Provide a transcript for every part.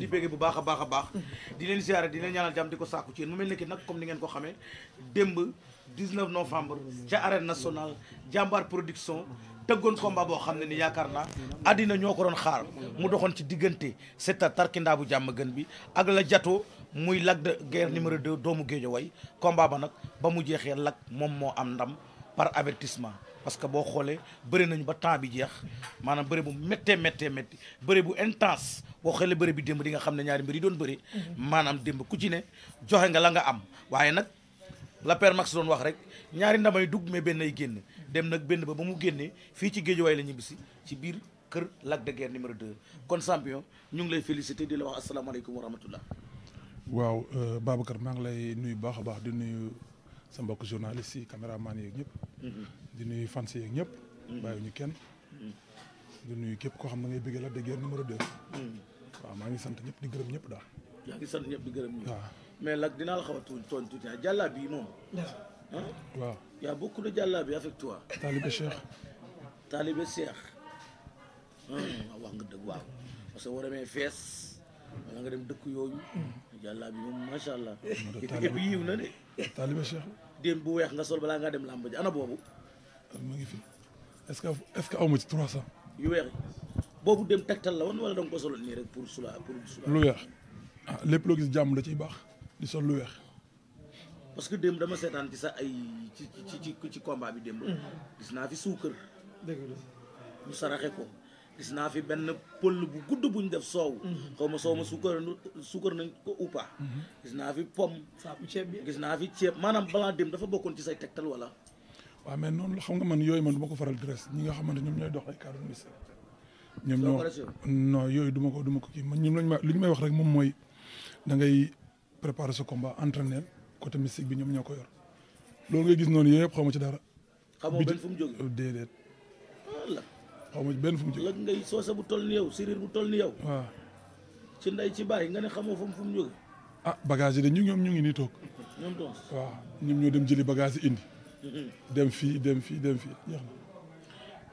di bégge bu baax a baax a baax di leen siyaare di leen ñaanal jàmm di ko sàkku ci yéen mu mel ni ki nag comme ni ngeen ko xamee démb 19 novembre ca arène nationale jàmbaar production tëggoon combat boo xam ne ni yaakaar naa àddina ñoo ko doon xaar mu doxoon ci diggante Siteu tarkindaa bu jàmm gën bi ak la jatoo muy Lac de Guiers numéro 2 doomu Guédiawaye combat ba nag ba mu jeexee lag moom moo am ndam par avertissement parce que boo xoolee bëri nañu ba temps bi jeex maanaam bëri bu méttee méttee métti bëri bu intense boo xoolee bëri bi démb di nga xam ne ñaari mbir yi doon bëri. maanaam démb ku ci ne joxe nga la nga am waaye nag la père Max doon wax rek ñaari ndamay dugg mais benn ay génn dem nag benn ba ba mu génnee fii ci géejuwaay la ñibbisi ci biir kër Lac de numéro 2 kon champion ñu ngi lay félicité di la wax asalaamaaleykum wa rahmatullah waaw euh, Babacar maa ngi lay nuyu baax a baax di nuyu. sa mbokk journaliste yi caméraman yeeg ñëpp. Mm-hmm. di nuyu fans yeeg ñëpp. Mm-hmm. bàyyiwuñu kenn. Mm-hmm. di nuyu képp koo xam ne ngay bëggee la déggee numéro 2. waaw maa ngi sant ñëpp di gërëm ñëpp daal. yaa ñëpp di gërëm ñëpp. waaw mais nag dinaa la xaw a tuuti tooñ tuuti ah jàllaa bi moom. waaw. y a beaucoup de jàllaa bi avec toi. Talibé Cheikh. Talibé Cheikh. wax nga dëgg waaw parce que boo demee fees wala nga dem dëkk yooyu. jàllaa bi moom macha allah. taaliba Cheikh démb bu weex nga sol balaa ngaa dem làmb ji ana boobu. ma ngi fi est-ce que est-ce que aw ma ci 300. yu weex boobu dem tegtal la woon wala da nga ko soloon nii rek pour sula pour sula. lu weex ah lépp loo gis jàmm la ciy baax di sol lu weex. parce que démb dama seetaan ci sa ay ci ci ci ci combat bi démb. Mm-hmm. gis naa fi suukar. dëgg la. mu saraxe ko. gis naa fi benn pël bu gudd buñ def soow xaw ma soow ma suukar suukar nañ ko ou gis naa fi pom bi gis naa fi ceeb maanaam balaa dem dafa bokkoon ci say tegtal wala waaw mais noonu la xam nga man yooyu man du ma ko faral di res ñi nga xamante ñoom ñooy dox ay cadre ministère ñoom ñoo non yooyu du ko du ma ko kii man ñun lañ ma li ñu may wax rek moom mooy da ngay préparer sa combat entraîner côté mystique bi ñoom ñoo ko yor loolu ngay gis noonu yooyu yëpp xaw ma ci dara xamoo benn fu mu jógee déedéet xaw ma benn fu mu jógee nag ngay soosa bu toll ni yow séréer bu toll ni yow waaw ci nday ci bàyyi nga ne xamoo fa fu mu jógee ah bagage yi de ñu ñoom ñu ngi nii toog ñoom toog waaw ñoom ñoo dem jëli bagage yi indi mm-hmm. dem fii dem fii dem fii jeex na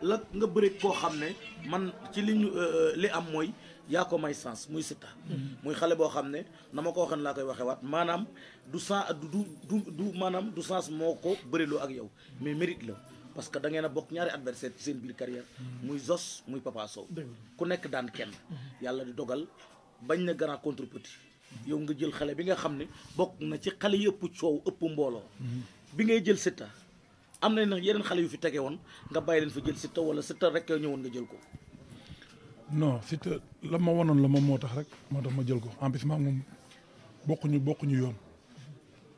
la nga bëri koo xam ne man ci li ñu euh, euh, li am mooy yaa ko may sens muy Siteu mm-hmm. muy xale boo xam ne na ma ko waxan laa koy waxee waat maanaam du sens du du du maanaam du sens moo ko bëriloo ak yow mais mérite la parce que da ngeen a bokk ñaari adversaire ci seen biir carrière muy Zos muy Papa Sow ku nekk daan kenn yàlla di dogal bañ na grand contre yow nga jël xale bi nga xam ne bokk na ci xale yëpp soow ëpp mbooloo bi ngay jël Siteu am na nag yeneen xale yu fi tege woon nga bàyyi leen fa jël Siteu wala Siteu rek ñëwoon nga jël ko non Siteu la ma wanoon la moom moo tax rek moo tax ma jël ko en plus maa moom bokkuñu bokkuñu yoon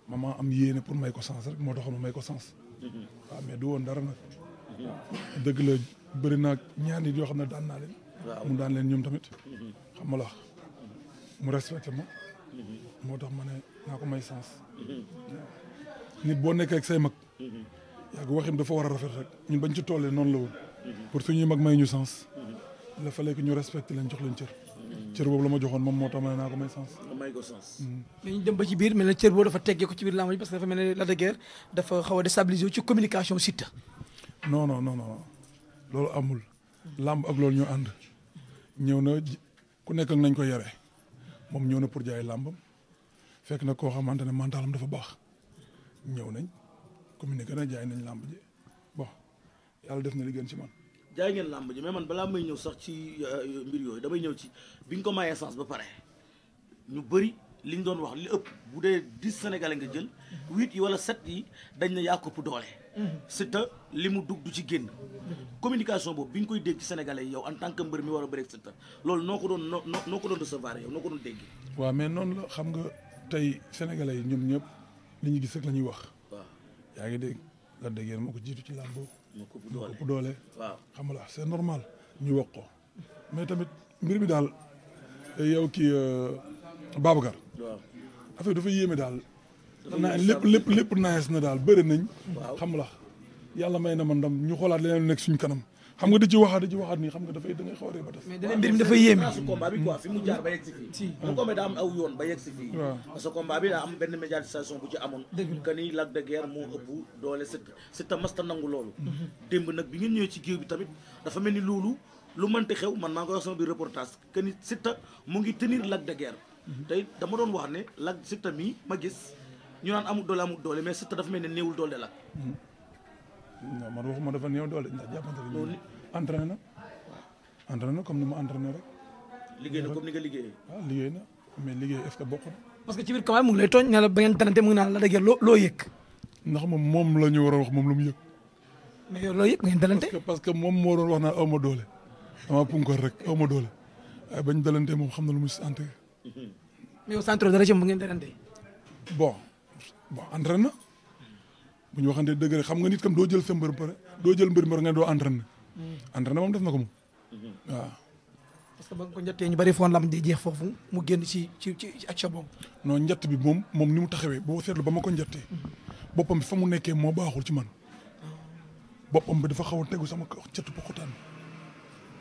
ma maa am yéene pour ko sens moo taxoon ma may ko sens waaw mais du woon dara nag. dëgg la bëri naa ñaar nit yoo xam ne daan naa leen. mu daan leen ñoom tamit. Mhm. xam nga la mu respecté ma. Mhm. moo tax ma ne naa ko may sens. Mhm. nit boo nekkee ak say mag. yaa ngi waxim dafa war a rafet rek ñun bañ ci tollee noonu la woon. pour suñuy mag may ñu sens. il fallait que ñu respecté leen jox leen cër. cër boobu la ma joxoon moom moo tax ma ne naa ko may sens. bàyyi ko sens. dañuy dem ba ci biir mel ne cër boo dafa teggee ko ci biir làmb ji parce que dafa mel ne la de dafa xaw a déstabiliser ci communication Siteu. non non non non loolu amul. làmb ak loolu ñu ànd. ñëw na ku nekk nañ ko yore moom ñëw na pour jaay làmbam fekk na koo xamante ne mentalam dafa baax ñëw nañ communiqué na jaay nañ làmb ji bo yàlla def nga li gën ci man. jaay ngeen làmb ji mais man balaa may ñëw sax ci euh, mbir yooyu damay ñëw ci bi nga ko mayee sens ba pare. ñu bëri li ñu doon wax li ëpp bu dee dix sénégalais nga jël huit yi wala sept yi dañ na yaa kopp doole. c'est li mu dugg du ci génn. communication boobu bi nga koy dégg ci sénégalais yi yow en tant que mbër mi war a bëri ak Siteu loolu noo ko doon noo noo ko doon recevoir yow noo ko doon déggee. mais noonu la xam nga tey sénégalais yi ñoom ñëpp li gis rek la ñuy wax. waaw yaa ngi dégg la dégg moo ko jiitu ci làmb. moo ko ëpp doole moo ko ëpp doole. waaw xam c'est normal ñu wax ko mais tamit mbir mi daal yow ki euh, Babacar. waaw affaire dafa yéeme daal. naa lépp lépp lépp naes na daal bëri nañ. xam la yàlla may na ma ndam ñu xoolaat leneen lu nekk suñu kanam xam nga di ci waxaat di ci waxaat nii xam nga dafay da ngay xawaree ba def. mais dana mbir mi dafa yéeme. parce que combat bi quoi fi mu jaar ba yegg si fii. si mu combat daa am aw yoon ba yegg si fii. waaw parce que combat bi daa am benn médiatisation bu ci amoon. dëgg que ni Lac de Guiers moo ëpp doole si si ta masta nangu loolu. démb nag bi ngeen ñëwee ci géew bi tamit dafa mel ni loolu lu mënti xew man maa ngi koy wax sama biir reportage que ni si ta mu ngi tenir Lac de Guiers tey dama doon wax ne la Siteu mi ma gis ñu naan amul doole amul doole mais Siteu dafa mel ne néewul doole la mm-hmm. non man waxuma dafa néew doole ndax jàppante ne. loolu na. waaw na comme ni ma entraîné rek. liggéey na nga liggéeyee. waaw ah, liggéey na mais liggéey est-ce que bokk na. parce que ci moom moom la ñu a wax moom lu mu yëg. mais yow loo parce que moom moo doon wax naa aw ma doole. damaa punkar rek aw ma doole waaye bañ dalante moom xam na lu mu si sentir mais yow centre dara ci bu ngeen dérante. bon bon entraîné na bu ñu waxante dëgg xam nga nit kam doo jël sa mbër pare doo jël mbër mbër nga doo entraîné. Hmm. entraîné moom def na ko moom hmm. waaw. parce que ba ko njattee ñu bari foon lam di jeex foofu mu génn ci ci ci ak sa bopp. non njatt bi moom moom ni mu taxawee boo seetlu ba ma ko njattee hmm. boppam bi fa mu nekkee moo baaxul ci man boppam bi dafa xaw a tegu sama catu poxutaan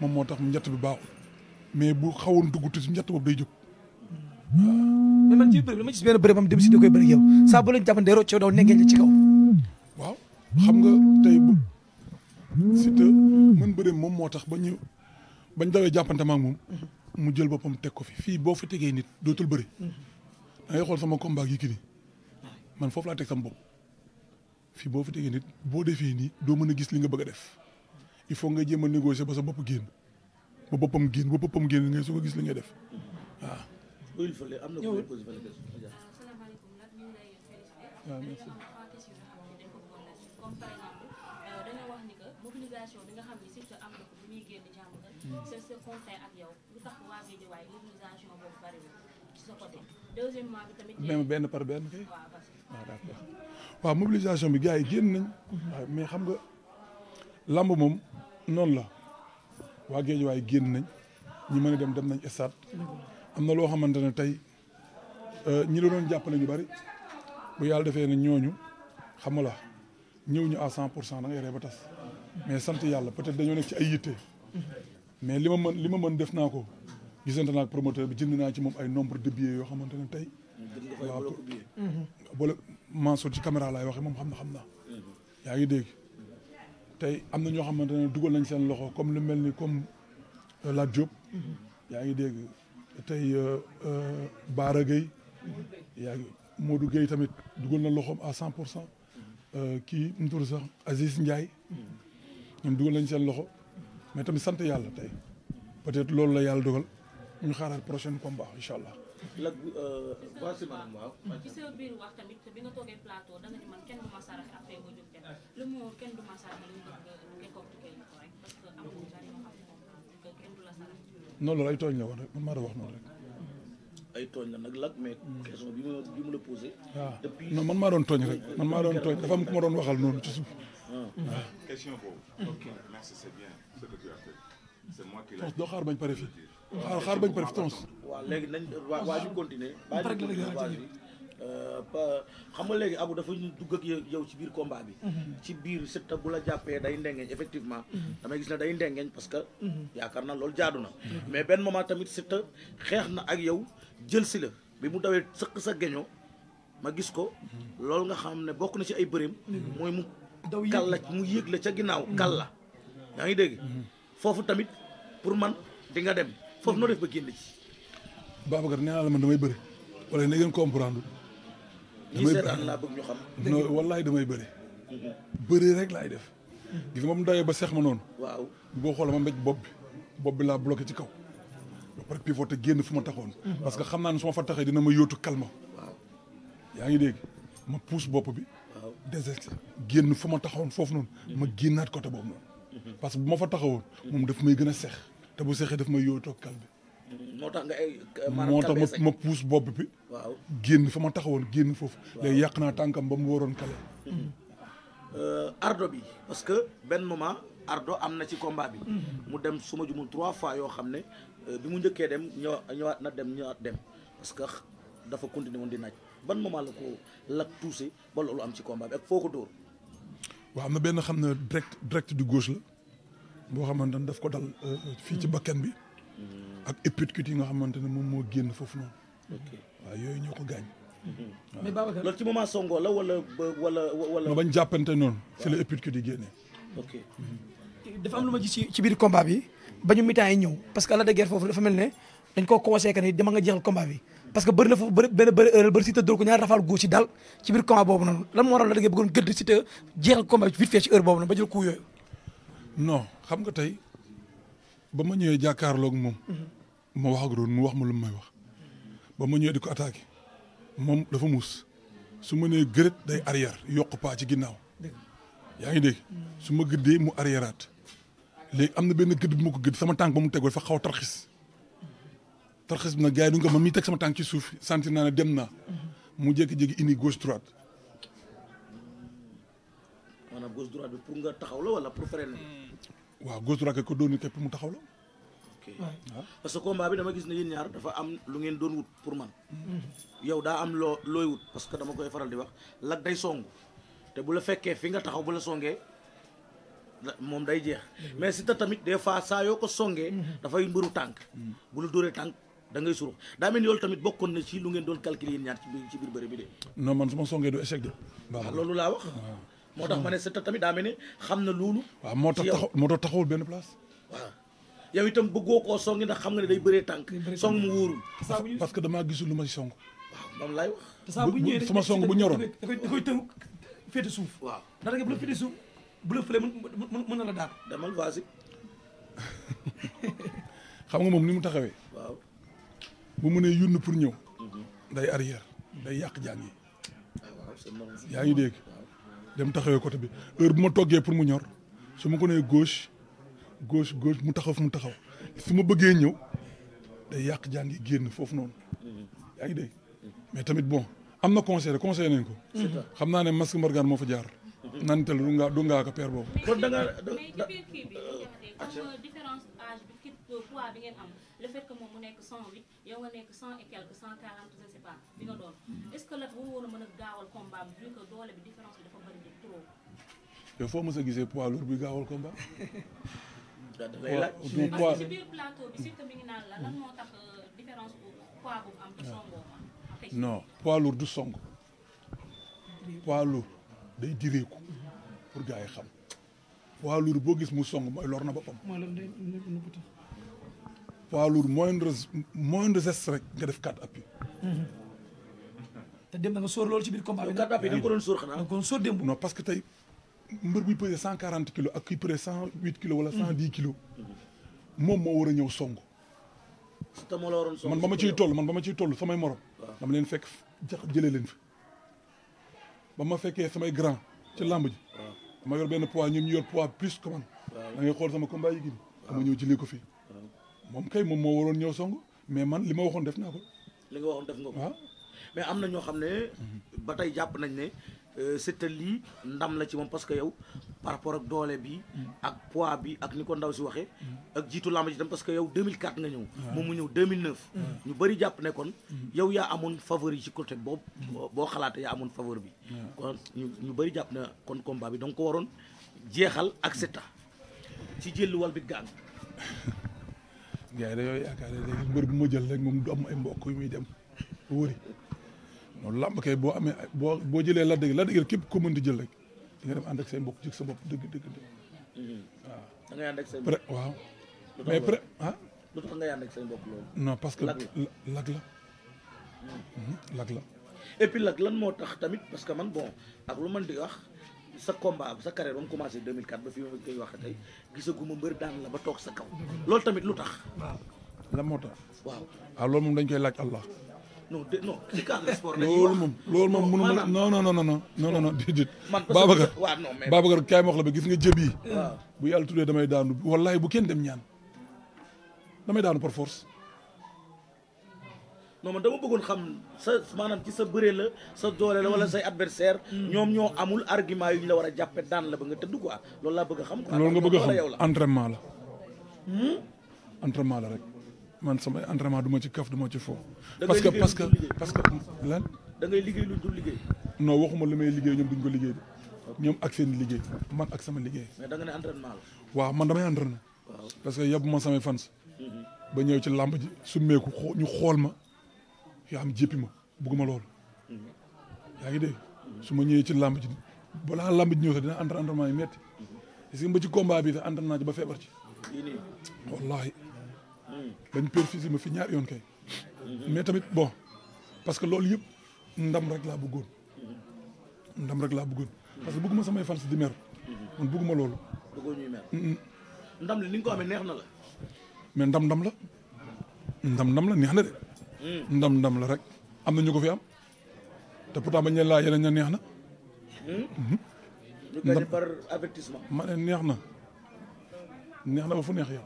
moom moo tax mu njatt bi baaxul mais bu xawoon dugg tuuti njatt boobu day jóg. mais man ci bëri dama gis benn bëri ba mu dem si da koy bëri yow saa bu leen jàppante rocce daw nekkee ci waaw xam nga tey bu Siteu man bëri moom moo tax ba ñu bañ dawee jàppante ma moom mu jël boppam teg ko fi fii boo fi tegee nit dootul bëri. da ngay xool sama combat yi man foofu laa teg sama bopp fii boo fi tegee nit boo defee nii doo mën a gis li nga bëgg a def il faut nga jéem a négocier ba sa bopp génn ba boppam génn ba boppam génn ngay soo ko gis li nga def ñëwul euh, am na ko mm. benn par benn kay ah, waaw mobilisation bi gars yi génn nañ waaw mais xam nga lamb moom noonu la waa Guédiawaye génn nañ ñi mën a dem dem nañ stade mm. am na loo xamante ne tey euh, ñi la doon jàppale ñu bari bu yàlla defee ne ñooñu xam la ñëw ñu à cent pour cent da ngay ree ba tas mais sant yàlla peut-être dañoo nekk ci ay yitte mais li ma mën li ma mën def naa ko gisante naa ak promoteur bi jënd naa ci moom ay nombre de billets yo xamante ne tey. waaw boole Mansour ci caméra laay waxee moom xam na xam na yaa ngi dégg am na ñoo xamante ne dugal nañ seen loxo comme lu mel ni comme euh, Lat Diop mm-hmm. yaa ngi dégg. tey euh, euh, Baara Gueye yaa ngi Modou Gueye tamit dugal na loxoom à cent pour cent euh, kii mu tudd sax Aziz Ndiaye ñoom dugal nañ seen loxo mais tamit sant yàlla tey peut-être loolu la yàlla dugal ñu xaaraat prochain combat incha allah. la waaw waaw. ci non loolu ay tooñ la woon rek man maa doon wax noonu rek. ay tooñ la nag la mais mm. question bi ma bi ma la posé. Ah. man maa doon tooñ rek man maa doon tooñ dafa am ku ma doon waxal noonu ci suuf. Ah. Ah. question boobu. Mm. ok merci c'est bien ce que tu doo xaar bañ pare fi xaar xaar bañ pare fii tons. waaw léegi nañ waaw waaw ñu continuer. Euh, xam nga léegi abu dafa ñu dugg ak yow ci biir combat bi mhm. ci biir Siteu bu la jàppee day ndengeeñ effectivement mhm. damay gis na day ndengeeñ parce que mhm. yaakaar na loolu jaadu na mais benn moment tamit Siteu xeex na ak yow jël si la bi mu dawee sëq sa geño gis ko loolu nga xam ne bokk na ci ay bëreem mooy mu kal la mu yéeg la ca ginnaaw kal la yaa ngi dégg foofu tamit pour man dinga nga dem foofu noo def ba génn ci Babacar nee naa la man damay bëri wala na ngeen comprendre ñi seetaan laa bëgg ñu xam. non wallaay damay bëri. Mhm. bëri rek laay def. Mhm. gis nga moom dawee ba seex ma noonu. waaw boo xoolee ma mbéj bopp bi bopp bi laa bloqué ci kaw. ba pare génn fu ma taxoon. Mhm. parce que xam naa ne su fa taxee dina ma yóotu kalma. waaw ngi dégg ma pousse bopp bi. waaw desex génn ma taxawoon foofu noonu. ma génnaat côté boobu noonu. parce que bu ma fa taxawoon. moom daf may gën a seex. te bu seexee daf may yóotoo kal bi. moo tax nga eh, ay. moo ma ma puus bopp bi. waaw génn fa ma taxawoon génn foofu. waaw yàq naa tànkam ba mu waroon kale. Mm-hmm. Euh, ardo bi parce que benn moment ardo am na ci combat bi. Mm-hmm. mu dem su ma jumul trois fois yoo xam ne euh, bi mu njëkkee dem ñëwaat ñëwaat na dem ñëwaat dem parce que dafa continuer woon di naaj ban moment la ko lak tuuse ba loolu am ci combat bi ak foo ko dóor. waaw ma benn xam ne direct direct du gauche la boo xamante ne daf ko dal euh, fii ci mm-hmm. bakkan bi. ak épicute yi nga xamante ne moom moo génn foofu noonu. waaw yooyu ñoo ko gaañ. Mhm. mais Babacar loolu ci moment la wala wala wala. bañ jàppante noonu si la épicute yi génnee. Mhm. dafa am lu ma gis ci biir combat bi bañu mitaan yi ñëw parce que Lac de Guiers foofu dafa mel ne dañ koo conseillé que ni dama nga jeexal combat bi. parce que bëri na foofu bëri benn bëri heure bëri si te dóor ko ñaari rafal gauche yi daal ci biir combat boobu noonu lan moo waral la da nga gëdd si te jeexal bi vite fait ci heure xam nga tey ba ma ñëwee jàkkaarloog moom. ma wax ak mu wax ma lu may wax. ba ma ñëwee di ko attaqué moom dafa muus su ma nee gërët day arrière yokk paa ci ginnaaw. yaa ngi dégg su ma gëddee mu arrièreaat léegi am na benn gëdd bu ma ko gëdd sama tànk ba mu tegoo dafa xaw a tarxis tarxis bi nag gars yi du nga ma mii teg sama tànk ci suuf sentir naa ne dem naa mu jékki-jékki indi gauche droite. maanaam gauche droite bi pour nga taxaw la wala pour na waaw gauche droite ko doon képp mu taxaw la. waaw ah. parce que bi dama gis ne yéen ñaar dafa am lu ngeen doon wut pour man. Mm-hmm. yow daa am loo looy wut parce que dama koy faral di wax lak day song te bu la fekkee fi nga taxaw bu la songee moom day jeex mm-hmm. mais si ta tamit des fois saa yoo ko songee. Mm-hmm. dafay mbëru tànk. bu la dóoree tànk da ngay surux daa mel ni loolu tamit bokkoon na ci lu ngeen doon calculer yéen ñaar ci biir ci bi de. non man su songee du échec de. Ah, loolu laa wax. Ah. moo tax ma ne Siteu tamit daa mel ni xam na loolu. waaw moo tax moo tax taxawul benn place. waaw yow itam bëggoo koo songi ndax xam nga ne day bëree tànk. song mu wóorul. parce que damaa gisul lu ma si song. waaw moom laay wax. bu bu sama song bu ñoroon da koy da koy tënk féete suuf. waaw ndax da nga bu la na la demal vas nga moom ni mu taxawee. waaw bu mënee yunn pour ñëw. Mhm. day arrière day yàq jàng yi. yaa ngi dégg. dem taxawee côté bi heure bu ma toggee pour mu ñor su ma ko nee gauche gauche gauche mu taxaw fu mu taxaw su ma bëggee ñëw da yàq jaan génn foofu noonu. yaa ngi mais tamit bon am na conseil conseil nañ ko. xam naa ne masque mbargaan moo fa jaar. naan teel du ngaa du ngaa ko père boobu. acca xam euh, différence âge bi kit euh, poids bi ngeen am le fait moom mu nekk 108 yow nga nekk 100 et quelque 140 je bi nga doon mm-hmm. est ce que Lat waroon a mën a gaawal combat bi vu que doole bi différence bi dafa bëri de trop. yow foo mës a gisee poids lourd bi gaawal combat. dafay laaj du euh, song. poids lourd day direeku pour gars yi xam. poids lourd boo gis mu song mooy lor na boppam. poids lourd moindre moindre geste rek nga def quatre appui. Mm-hmm. te dem na nga sóor loolu ci bi. quatre appui da nga ko doon parce que tey mbër buy pesé cent quarante kilo ak kuy pesé cent huit kilos wala cent dix kilos. Mm-hmm. moom moo war a ñëw song. te moo la waroon song man ba ma ciy toll man ba ma ciy toll samay morom. dama leen fekk jax jëlee leen fi. ba ma fekkee samay grand ci làmb ji. ma yor benn poids ñu ñu yor poids plus que man. da ngay xool sama combat yi gii. waaw ñëw jëlee ko fii. moom kay moom moo waroon ñëw song mais man li ma waxoon def naa ko. li nga waxoon def nga ko. waaw mais am na ñoo xam ne. Mhm. ba tey jàpp nañ ne Siteu lii ndam la ci moom parce que yow par rapport ak doole bi ak poids bi ak ni ko ndaw si waxee ak jiitu làmb ji tam parce que yow 2004 nga ñëw moom mu ñëw 2009 ñu bari jàpp ne kon mm. yow yaa amoon faveur yi ci côté boobu mm. boo xalaatee yaa amoon faveur bi kon ñu bëri jàpp ne kon combat bi danga ko waroon jeexal ak Siteu ci jëllu wal bi gaan gars yi dañoo yaakaar ne léegi mbër bu ma jël rek moom du am ay mbokk yu muy dem wëri noonu làmb kay boo amee boo boo jëlee la dëgg la dëgg képp ko mën di jël rek di nga dem ànd ak say mbokk jik sa bopp dëgg dëgg dëgg waaw mm-hmm. da ngay waaw mais pré ah? lu tax ngay ànd ak say mbokk loolu parce que la mm-hmm. mm-hmm, lag la et puis lag lan moo tax tamit parce que man bon ak lu man di wax sa combat sa carrière ba mu commencé 2004 ba fi ma koy wax tey gisaguma mbëri daan la ba toog sa kaw loolu tamit lu tax waaw lan moo tax waaw waaw ah, loolu moom dañ koy laaj Allah non de non ci cadre sport la ñuy wax loolu moom loolu moom mënu ma non non non non non non non déedéet. man parce que waaw non mais Babacar kaay ma wax la ba gis nga jëb yi. bu yàlla tuddee damay daanu wallahi bu kenn dem ñaan damay daanu par force. non man dama bëggoon xam sa maanaam ci sa bëree la sa doole la wala say adversaire mm. ñoom ñoo amul argument yu ñu la war a jàppe daan la ba nga tëdd quoi loolu laa bëgg a xam. loolu nga bëgg a xam entraînement la. entraînement la hmm? rek. man samay entraînement du ma ci kaf du ci fo. parce que parce que parce que lan. da ngay liggéey lu dul liggéey. non waxuma li may liggéey ñoom duñ ko liggéey de. ñoom ak seen liggéey man ak sama liggéey. mais da nga ne entraînement la. waaw man damay entraîné. parce que yab ma samay fans. Mhm. ba ñëw ci làmb ji summeeku ñu xool ma yaa am jéppi ma bugguma lool. Mhm. yaa ngi dégg mhm. su ma ñëwee ci làmb ji balaa làmb ji ñëw sax dina entraînement yi metti est-ce ci combat bi sax entraîné naa ci ba feebar ci. wallaahi. bañ perfusé ma fi ñaari yoon kay mhm. mais tamit bon parce que loolu yëpp ndam rek laa bëggoon ndam rek laa bëggoon parce que bëgguma samay fans di mer mhm. man bëgguma loolu bëggoo ndam li ni nga ko neex na mais ndam ndam la ndam ndam la neex na de mm. ndam ndam la rek am na ñu ko fi am te pourtant bañ leen laa yeneen ña neex na hmm? mhm. ñu ma neex na neex na ba fu neex yow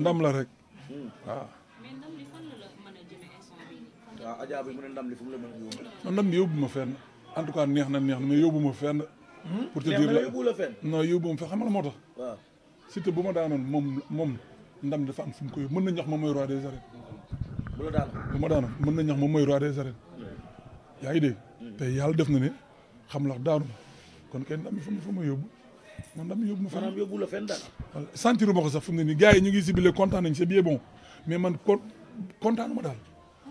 ndam la rek waaw. Ah. mais ndam li fan la mën a ah, jëmee instant bi. waaw Adja bi mu ne ndam li fu mu la mën ndam bi yóbbu ma fenn en tout cas neex na neex na mais yóbbu ma fenn. Hmm? pour te dire la yóbbu la fenn. xam nga moo tax. waaw surtout bu ma daanoon moom moom ndam dafa am fu mën na ñax ma mooy roi des arènes. bu la daan bu ma daanoon mën na ñax moom mooy roi des arènes. yaa ngi dégg. Hmm. te yàlla def na ne xam lax daanu kon kenn ndam bi fu mu ma yóbbu. man ndam yóbbu ma fenn yóbbu la fenn daal. sentir ma ko sax fu mu yi ñu ngi ciblé kontaan nañ c'est bien bon mais man con kontaanu ma daal.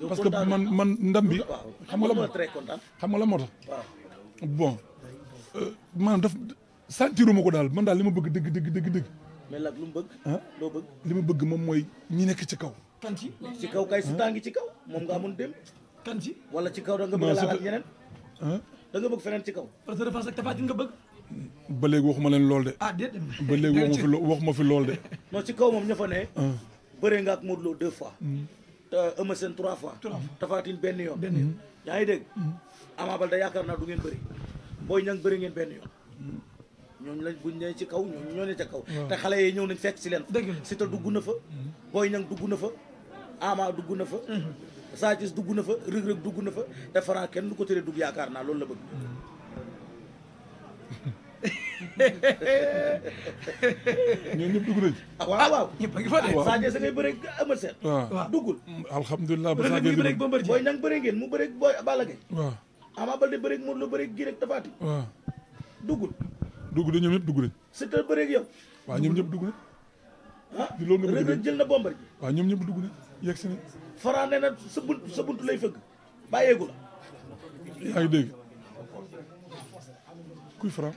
parce que man man ndam bi. xam nga la moo tax xam nga la moo tax. bon euh, maanaam daf sentir ma ko daal man daal li ma bëgg dëgg dëgg dëgg dëgg. mais nag lu loo bëgg. ma bëgg moom mooy ñi nekk ci kaw. kan ci kaw kay si tàngi ci kaw moom nga amoon dem. kan ci wala ci kaw da nga bëgg a laal ak ñeneen. da nga bëgg feneen ci kaw. parce que Tapha Tine nga bëgg. ba léegi waxuma leen lool de. ah ba léegi waxuma fi waxuma fi lool de. non ci kaw moom ña fa ne. Ah. bëree nga ak Modou Lo deux fois. Hmm. Eumeu Sène trois fois. trois fois benn yoon. benn yoon ngi dégg. Hmm. Ama yaakaar naa du ngeen bëri. Boy Niang bëri ngeen benn yoon. Hmm. ñooñu lañ buñ nee ci kaw ñooñu ñoo ne ca kaw. te xale yi ñëw nañ fekk si leen. dëgg la Siteu dugg na fa. Boy Niang dugg na fa. Ama dugg na fa. Sa dugg na fa Reug dugg na fa. te kenn du ko tere dugg yaakaar naa loolu la bëgg. ñoom ñëpp dugg nañ ci. ah waaw waaw a ngi fa de. waaw Sadio sa ngay bëreeg Eumeu Sène. Ah. waaw duggul. alhamdulilah ba Sadio dugg booy nang bëree ngeen mu bëreeg booy Balla Gaye. waaw Ama Baldé bëreeg Modou Lo bëreeg Gris ak Tapha Tine. waaw duggul. dugg na ñoom ñëpp dugg nañ. Siteu bëreeg yow. waaw ñoom ñëpp dugg nañ. ah rëdd jël na bombar ji. waaw ñoom ñëpp dugg nañ yegg si nañ. nee na sa bunt sa bunt lay fëgg bàyyeegu la. yaa ngi kuy Fara.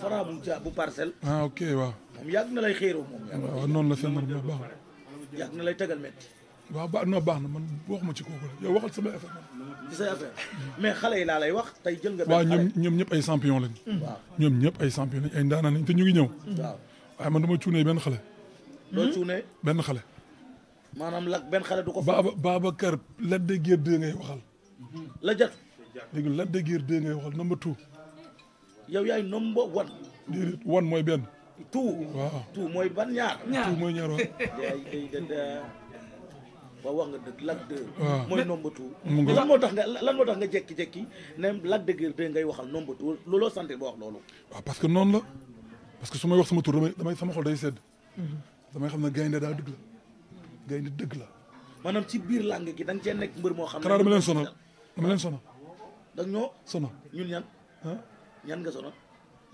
Franc bu ja bu parcelle. ah ok waaw. moom yàgg na lay xéeroo moom. la seen mën baax na. yàgg na lay tegal métti. waaw ba non baax na man waxuma ci kooku la yow waxal sama affaire mais xale yi laa lay wax tey jël nga. waaw ñoom ñoom ñëpp ay champion lañ. Mm. waaw ñoom ñëpp ay champion lañ ay ndaanaan lañ te ñu ngi ñëw. waaw waaye man dama cuunee benn xale. doo cuunee hmm? benn xale. maanaam lak benn xale du ko. Baba Babacar Lac de Guiers 2 ngay waxal. la jot. dégg Lac de Guiers 2 ngay waxal number two yow yaay number one. déedéet one mooy benn. tout. waaw mooy ban ñaar. ñaar mooy ñaar waaw. waaw wax nga dëgg Lac 2. waaw mooy nombre two. lan tax nga lan moo tax nga jékki-jékki ne Lac ngay waxal nombre two looloo sant ba wax loolu. waaw parce que noonu la parce que su may wax sama tur damay damay sama xol day sedd. damay xam ne gaynde daa dëgg la gaynde dëgg la. maanaam ci biir làng gi da nga cee nekk mbër moo xam ne. dama leen sonal dama leen sonal. da ñoo sonal ñun ñan. ñan nga sonal.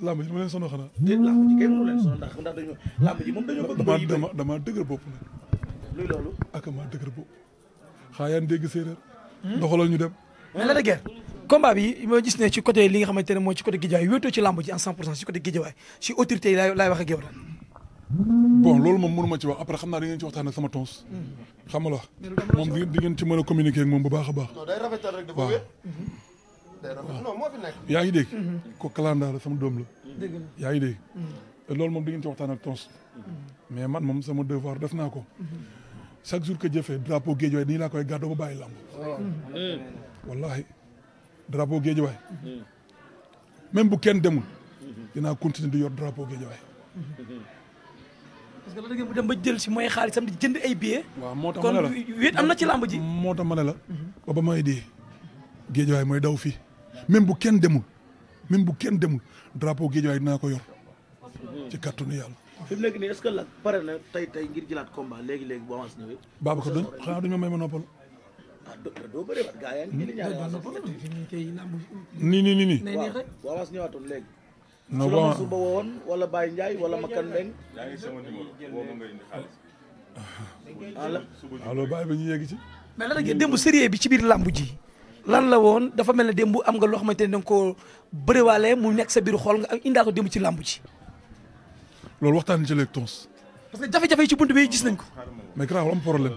làmb ji ma leen sonal xanaa. déet eh, làmb ji kenn mu leen sonal ndax ndax dañoo làmb ji moom dañoo bëgg. bëri dama dama dëgër bopp nag. luy loolu. ak ma dëgër bopp. xaayaan dégg séeréer. doxalal ñu dem. mais la dëgër combat bi ma gis ne ci côté li nga xamante ne mooy ci côté Guédiawaye wéetoo ci làmb ji en 100 pour cent ci côté Guédiawaye ci autorité yi laay laay wax ak yow daal. bon loolu moom mënu ma ci wax après xam naa da ngeen ci waxtaan ak sama tons. Hmm. xam nga la moom di ngeen ci mën a communiquer ak moom bu baax a baax. waaw yaa ngi dégg mhm. ko calendar la sama doom la yaa ngi dégg mhm. loolu moom di ngeen ci waxtaan ak tons mhm. mais man moom sama devoir def naa ko chaque jour que jëfee drapeau géej waay nii laa koy gàddoo ba bàyyi lamb oh, mm. wallahi drapeau géej waay mm-hmm. même bu kenn demu mm-hmm. dinaa continuer di yor drapeau géej waay mm-hmm. parce jël si mooy xaalisam di jënd ay moo tax ne la kon am na ci lamb ji. moo tax ma ne la. ba ba may dee. géej waay mooy daw fii. même bu kenn demul même bu kenn demul drapeau Guédiawaye dinaa ko yor ci kàttanu yàlla. fi nekk nii est-ce que la pare na tey tey ngir jëlaat combat léegi léegi bu avance ñëwee. Babacar duñ xanaa duñ ma may ma noppal. ah doo doo bëri waat gaa yaa ngi ba wala Baye Ndiaye wala Makan Mbeng. yaa ngi sama numéro boo ma ba ñu yegg ci. mais lan la bi ci biir làmb ji. lan la woon dafa mel ne démb am nga loo xamante ne da nga koo bëriwaale mu nekk sa biir xool nga indaa ko démb ci làmb ci loolu waxtaan ci léegi tons parce que jafe-jafe yi ci bunt bi gis nañ ko mais grave am problème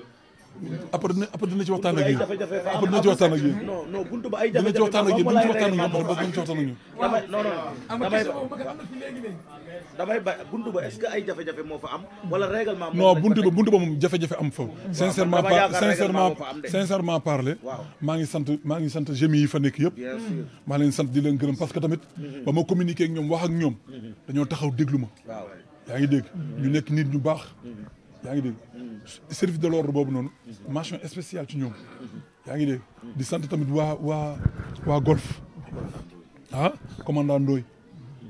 après dina après dina ci waxtaan ak yéen après dina ci ba buntu ba est-ce que ay moo fa am wala règlement. non buntu ba buntu ba moom jafe-jafe am fa. sincèrement par sincèrement sincèrement parler. maa ngi sant maa yi fa nekk yëpp. maa leen sant di leen gërëm parce que tamit. ba ma communiqué ak ñoom wax ak ñoom. dañoo taxaw déglu ma. yaa ngi dégg ñu nekk nit ñu baax. yaa ngi dégg service de l'ordre boobu noonu mention spéciale ci ñoom yaa ngi dégg di sant tamit waa waa waa golf ah commandant Ndoye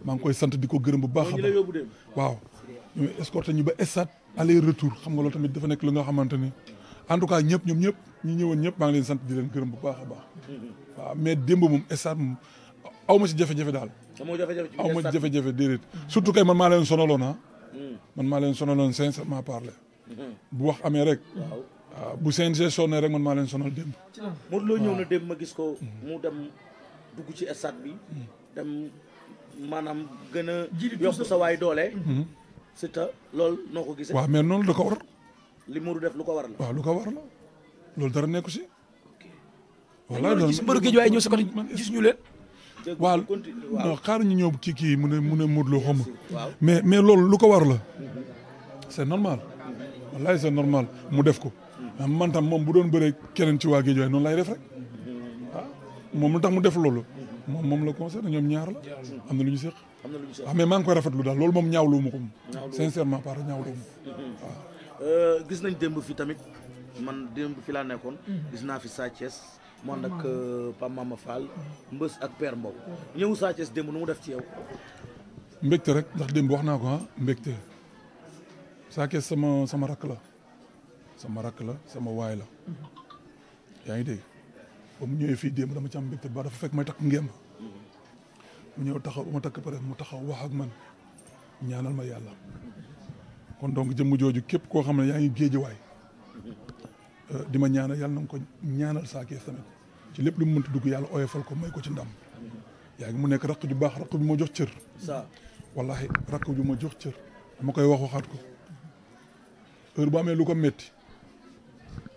maa ngi koy sant di ko gërëm bu baax a baax waaw ñooy escorté ñu ba stade aller retour xam nga loolu tamit dafa nekk lu nga xamante ni en tout cas ñëpp ñoom ñëpp ñi ñëwoon ñëpp maa ngi sant di leen gërëm bu baax a baax mais démb moom stade moom aw ma si jafe-jafe daal aw ma si jafe-jafe déedéet surtout kay man maa leen sonaloon ah. man maa leen sonaloon sincèrement parler bu wax amee rek. waaw ah, bu CNG sonnee rek man maa leen sonal démb. waaw Modou Lo ñëw na démb ma gis ko. Mm-hmm. mu dem dugg ci stade bi. Mm-hmm. dem maanaam gën a. yokk sa waay doole. c'est mm-hmm. que loolu noo ko gis waaw mais noonu du ko li Modou def lu ko war la. waaw lu ko war la loolu dara nekku si. ok wallaahi loolu gis mbëru géej waaye ñëw sa côté gis ñu leen. waaw non xaar ñu ñëw ci kii mu ne mu ne mais mais loolu lu ko war la mm-hmm. c'est normal wallahi c'est normal mu def ko mm-hmm. ah, man tam moom bu doon bëree keneen ci waa géej waaye noonu lay def rek mm-hmm. ah moom lu tax mu def loolu moom moom la concerne ñoom ñaar la am na lu ñu séq waaw ah, mais maa ngi koy rafetlu daal loolu moom ñaawlu ma ko sincèrement par ñaawlu ma ah. euh, gis na démb fi tamit man démb fi laa nekkoon Sa man ak euh, Pape Mama Fall mbës ak Père Mbow ñëw Sa Thiès démb nu mu def ci yow mbégte rek ndax démb wax naa ko ah mbégte Sa sama sama rakk la sama rakk la sama waay la yaa ngi dégg ba mu ñëwee fii démb dama ci am mbégte ba dafa fekk may takk ngemb mu ñëw taxaw ba ma takk pare mu taxaw wax ak man ñaanal ma yàlla kon donc jëm jooju képp koo xam ne yaa ngi géejewaay di ma ñaana yàlla na nga ko ñaanal saa kees tamit ci lépp lu mu mënti dugg yàlla oyofal ko may ko ci ndam yaa ngi mu nekk rakk ju baax rakk ma jox cër wallahi rakk ju ma jox cër dama koy wax waxaat ko heure bu amee lu ko metti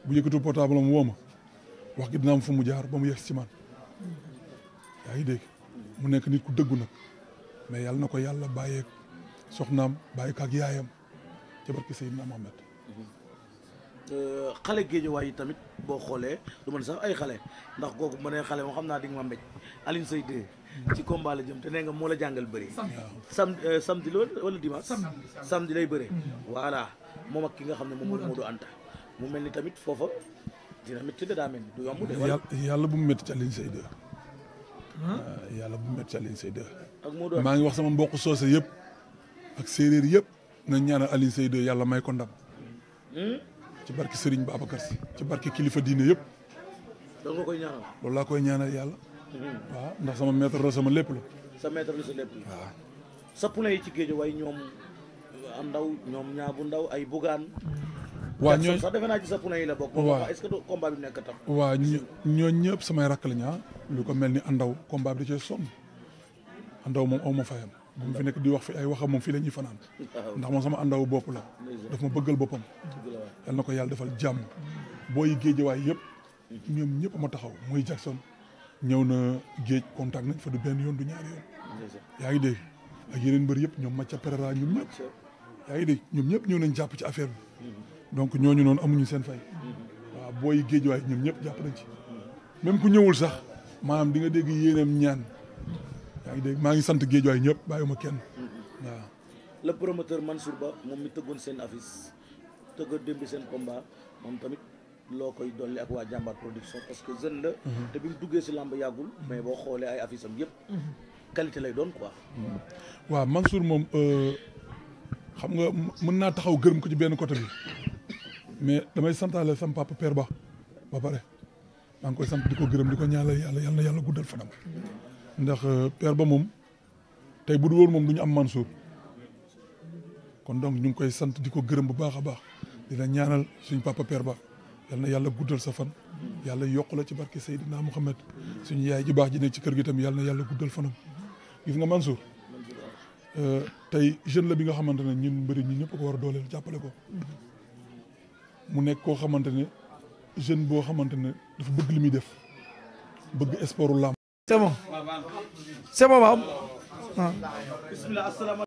bu yëkkatul portable am woo ma wax gi dina fu mu jaar ba mu yegg ci man yaa ngi dégg mu nekk nit ku dëggu nag mais yàlla na ko yàlla bàyyeeg soxnaam bàyyi ak yaayam ci barki Seydina Mohamed Euh, xale géejawaay yi tamit boo xoolee du ma ne sax ay xale ndax kooku ma nee xale moo xam naa di nga ma mbéj Alioune Seye 2 ci combat jëm te nee nga moo la jàngal bëri sam euh, samedi la wala dimanche samedi lay bëree mm-hmm. voilà moom ak ki nga xam ne moom mooy Modou Anta mu mel ni tamit foofa dina métti de daa mel ni du yomb de yàlla bu mu métti ci Alioune Seye 2 yàlla bu mu métti ci Alioune Seye 2 ak Modou maa ngi wax sama mbokk soose yëpp ak séeréer yëpp nañ ñaan Alioune Seye 2 yàlla may ci barki Serigne Babacar si ci barki kilifa diine yëpp. loolu nga laa koy ñaanal yàlla. Mhm. waaw ndax sama maître la sama lépp la. sa maître la sa lépp la. ci géej way ñoom am ndaw ñoom ndaw ay bugaan. waa ñooñu sax defe naa ci sa bokk. waa ñooñ ñëpp samay rakk la ah. lu ko mel ni andaw combat bi da cee sonn moom aw ma fayam. fi nekk di wax fi ay waxam moom fii la ñuy fanaan. ndax moom sama andaw bopp la. daf ma bëggal boppam. yal na ko yàlla defal jàmm booy géejewaay yëpp ñoom ñëpp ma taxaw muy Jackson ñëw na géej contact nañ fa du benn yoon du ñaari yoon. yaa ngi dégg ak yeneen mbër yëpp ñoom Macha Perera ñoom ñëpp. yaa ngi dégg ñoom ñëpp ñëw nañ jàpp ci affaire bi. donc ñooñu noon amuñu seen fay. waaw booy géej géejewaay ñoom ñëpp jàpp nañ ci. même ku ñëwul sax maanaam di nga dégg yéenam ñaan. yaa ngi dégg maa ngi sant géej géejewaay ñëpp bàyyiwuma kenn waaw. le promoteur Mansour Ba moom mi tëggoon seen affiche. tëgg a démb seen combat moom tamit loo koy dolli ak waa jàmbaar production parce que jeune la mhm. te bi mu duggee si làmb yàggul mhm. mais boo xoolee ay affiches am yëpp mhm. qualité lay doon quoi waaw Mansour moom euh, xam nga mën naa taxaw gërëm ko ci benn côté bi mais damay santaale sam pa père ba ba pare maa ngi koy sant di ko gërëm di ko ñaanal yàlla yàlla na yàlla guddal fanam ndax euh, père ba moom tey bu dul woon moom du ñu am Mansour kon donc ñu ngi koy sant di ko gërëm bu baax a baax dina ñaanal suñ papa père ba yal na yàlla guddal sa fan yàlla yokkul la ci barke Seydina Mouhamed suñu yaay ji baax ji nekk ci kër gi tam yal na yàlla guddal fanam gis nga Mansour euh, tey jeune la bi nga xamante ne ñun mbëri ñun ñëpp ko war a dooleel jàppale ko mu nekk koo xamante ne jeune boo xamante ne dafa bëgg li muy def bëgg sportu làmb c'est bon c'est bon